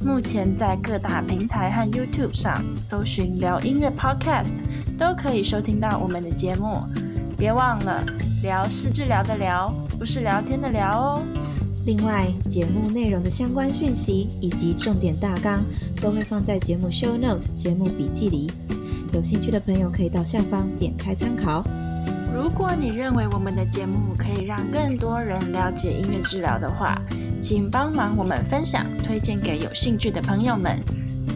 目前在各大平台和 YouTube 上搜尋“療音樂 Podcast”，都可以收聽到我們的節目。別忘了，療是治療的療，不是聊天的聊哦。另外，節目內容的相關訊息以及重點大綱都會放在節目 Show Note（ 節目筆記）裡，有興趣的朋友可以到下方點開參考。如果你認為我們的節目可以讓更多人了解音樂治療的話，請幫忙我們分享，推薦給有興趣的朋友們，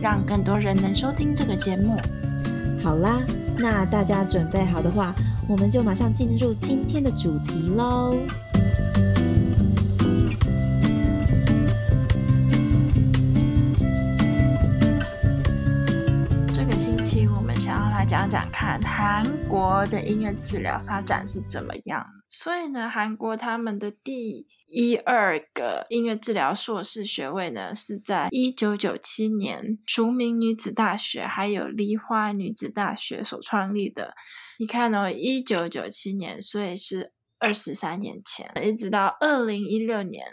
讓更多人能收聽這個節目。好啦，那大家準備好的話，我們就馬上進入今天的主題嘍。這個星期我們想要來講講看韓國的音樂治療發展是怎麼樣。所以呢，韓國他們的第一二個音樂治療碩士學位呢，是在一九九七年，淑明女子大學還有梨花女子大學所創立的。你看哦，一九九七年，所以是二十三年前，一直到二零一六年，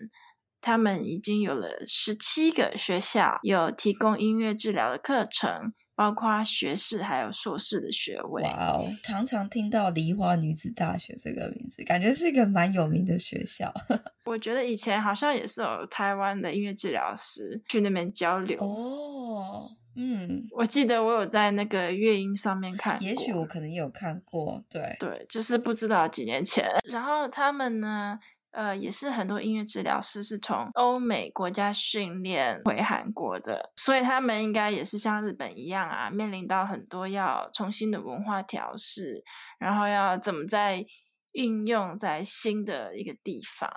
他們已經有了十七個學校有提供音樂治療的課程。包括學士還有碩士的學位。哇、wow, 常常聽到梨花女子大學這個名字，感覺是一個蠻有名的學校。 我覺得以前好像也是有台灣的音樂治療師去那邊交流。哦，oh, 嗯，我記得我有在那個樂音上面看，也許我可能有看過。對對，就是不知道幾年前。然後他們呢？呃，也是很多音樂治療師是從歐美國家訓練回韓國的，所以他們應該也是像日本一樣啊，面臨到很多要重新的文化調試，然後要怎麼在。運用在新的一個地方，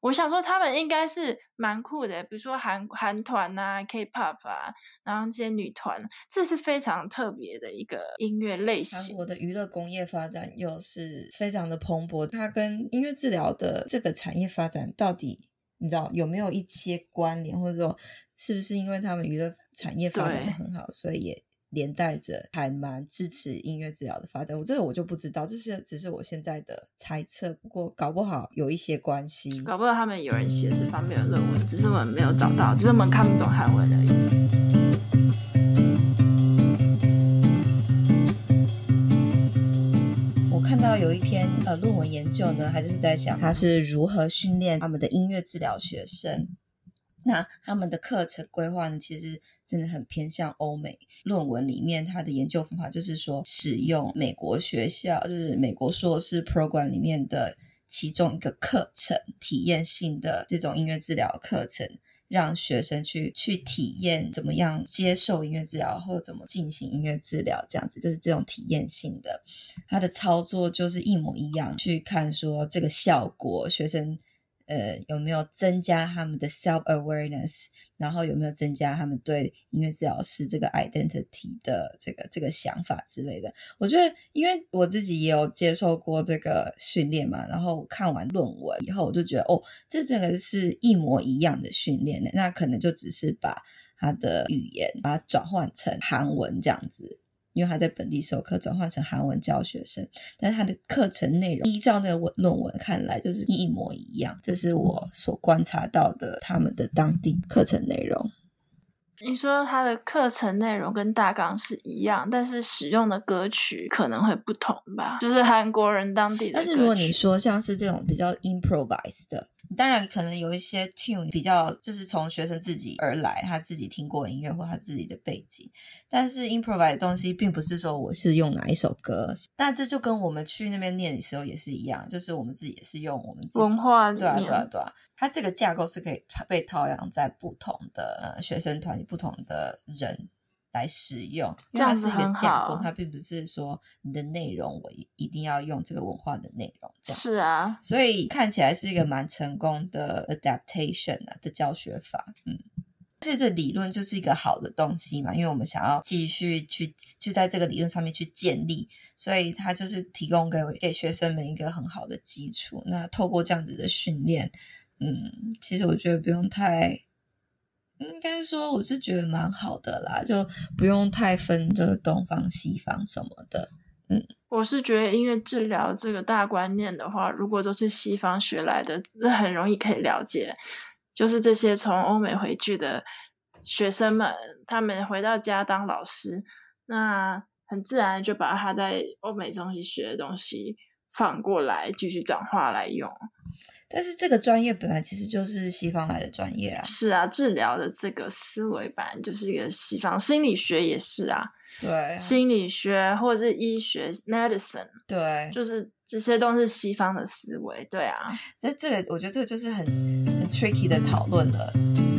我想說他們應該是蠻酷的，比如說韓韓團啊、K-pop 啊，然後這些女團，這是非常特別的一個音樂類型。韓國的娛樂工業發展又是非常的蓬勃，它跟音樂治療的這個產業發展到底你知道有沒有一些關聯，或者說是不是因為他們娛樂產業發展的很好，對所以也。連帶着還蠻支持音樂治療的發展，我這個我就不知道，這是只是我現在的猜測。不過搞不好有一些關係，搞不好他們有人寫這方面的論文，只是我們沒有找到，只是我們看不懂韓文而已。我看到有一篇呃論文研究呢，還是在想他是如何訓練他們的音樂治療學生。那他們的課程規劃呢，其實真的很偏向歐美。論文裡面他的研究方法就是說，使用美國學校，就是美國碩士 program 裡面的其中一個課程，體驗性的這種音樂治療課程，讓學生去去體驗怎麼樣接受音樂治療，或怎麼進行音樂治療，這樣子就是這種體驗性的。他的操作就是一模一樣，去看說這個效果，學生。呃，有沒有增加他們的 self awareness？然後有沒有增加他們對音樂治療師這個 identity 的這個這個想法之類的？我覺得，因為我自己也有接受過這個訓練嘛，然後看完論文以後，我就覺得哦，這這個是一模一樣的訓練呢，那可能就只是把他的語言把它轉換成韓文這樣子。因為他在本地授課，轉換成韓文教學生，但是他的課程內容依照那個論文看來，就是一模一樣。這是我所觀察到的他們的當地課程內容。你說他的課程內容跟大綱是一樣，但是使用的歌曲可能會不同吧？就是韓國人當地的。但是如果你說像是這種比較 improvise 的，當然可能有一些 tune 比較，就是從學生自己而來，他自己聽過音樂或他自己的背景。但是 improvise 的東西並不是說我是用哪一首歌，但這就跟我們去那邊唸的時候也是一樣，就是我們自己也是用我們自己文化，對啊對啊對啊，它、啊啊、這個架構是可以被套用在不同的學生團體，不同的人來使用，樣它是一個架構，好它並不是說你的內容我一一定要用這個文化的內容這樣，是啊，所以看起來是一個蠻成功的 adaptation 的教學法。嗯，這這理論就是一個好的東西嘛，因為我們想要繼續去去在這個理論上面去建立，所以它就是提供給給學生們一個很好的基礎。那透過這樣子的訓練，嗯，其實我覺得不用太。應該說，我是覺得蠻好的啦，就不用太分這個東方西方什麼的。嗯，我是覺得音樂治療這個大觀念的話，如果都是西方學來的，那很容易可以了解。就是這些從歐美回去的學生們，他們回到家當老師，那很自然就把他在歐美中學的東西。反過來繼續轉化來用，但是這個專業本來其實就是西方來的專業啊。是啊，治療的這個思維版就是一個西方心理學也是啊。對，心理學或者是醫學 （medicine），對，就是這些都是西方的思維。對啊，但這個我覺得這個就是很很 tricky 的討論了。嗯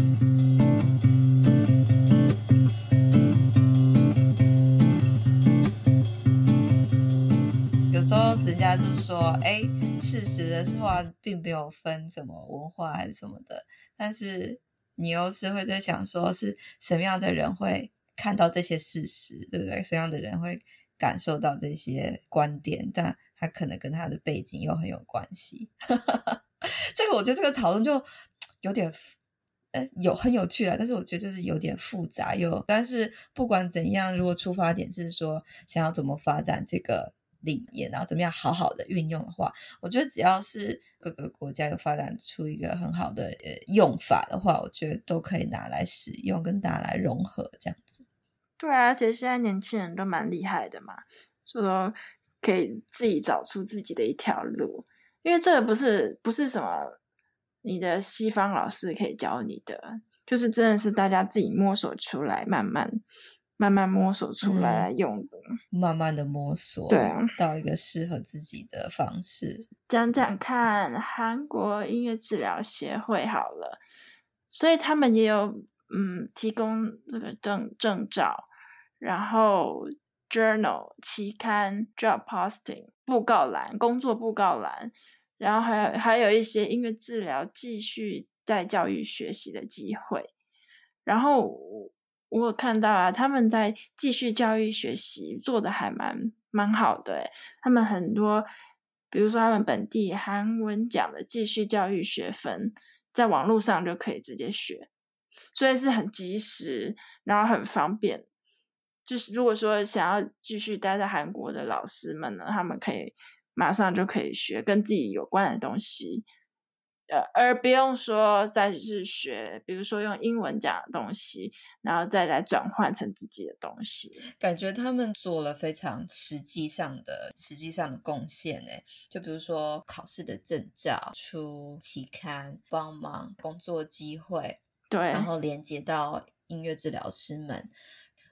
人家就說，哎，事實的話並沒有分什麼文化還是什麼的，但是你又是會在想，說是什麼樣的人會看到這些事實，對不對？什麼樣的人會感受到這些觀點？但他可能跟他的背景又很有關係。 這個我覺得這個討論就有點，呃，有很有趣啊，但是我覺得就是有點複雜又。但是不管怎樣，如果出發點是說想要怎麼發展這個。理念，然後怎麼樣好好的運用的話，我覺得只要是各個國家有發展出一個很好的呃用法的話，我覺得都可以拿來使用，跟大家來融合這樣子。對啊，其實現在年輕人都蠻厲害的嘛，所以說可以自己找出自己的一條路，因為這個不是不是什麼你的西方老師可以教你的，就是真的是大家自己摸索出來，慢慢。慢慢摸索出來用的，嗯、慢慢的摸索對、啊、到一個適合自己的方式。講講看韓國音樂治療協會好了，所以他們也有嗯提供這個證證照，然後 journal 期刊、job posting 布告欄、工作布告欄，然後還還有一些音樂治療繼續在教育學習的機會，然後。我有看到啊，他們在繼續教育學習做的還蠻蠻好的。欸，他們很多，比如說他們本地韓文講的繼續教育學分，在網絡上就可以直接學，所以是很及時，然後很方便。就是如果說想要繼續待在韓國的老師們呢，他們可以馬上就可以學跟自己有關的東西。呃，而不用說再去學，比如說用英文講的東西，然後再來轉換成自己的東西，感覺他們做了非常實際上的、實際上的貢獻。哎，就比如說考試的證照、出期刊、幫忙工作機會，對，然後連接到音樂治療師們，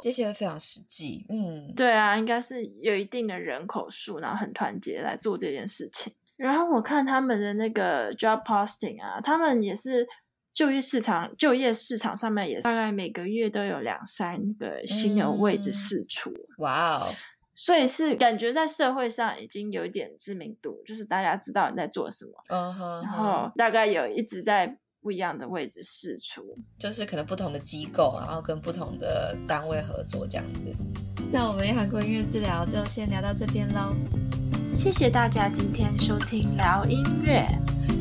這些非常實際。嗯，對啊，應該是有一定的人口數，然後很團結來做這件事情。然後我看他們的那個 job posting 啊，他們也是就業市場就業市場上面也大概每個月都有兩三個新的位置釋出。哇哦、嗯！所以是感覺在社會上已經有一點知名度，就是大家知道你在做什麼，嗯哼、哦，然後大概有一直在。不一樣的職缺釋出，就是可能不同的機構，然後跟不同的單位合作這樣子。那我們韓國音樂治療就先聊到這邊嘍，謝謝大家今天收聽療音樂。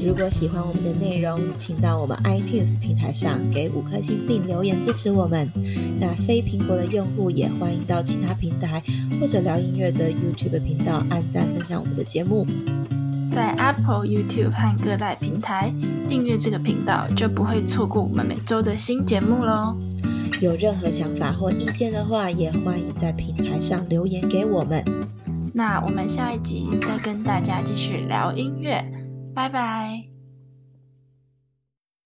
如果喜歡我們的內容，請到我們 iTunes 平台上給五顆星並留言支持我們。那非蘋果的用戶也歡迎到其他平台或者療音樂的 YouTube 頻道按讚分享我們的節目。在 Apple、YouTube 和各大平台訂閱這個頻道，就不會錯過我們每周的新節目嘍。有任何想法或意見的話，也歡迎在平台上留言給我們。那我們下一集再跟大家繼續聊音樂，拜拜。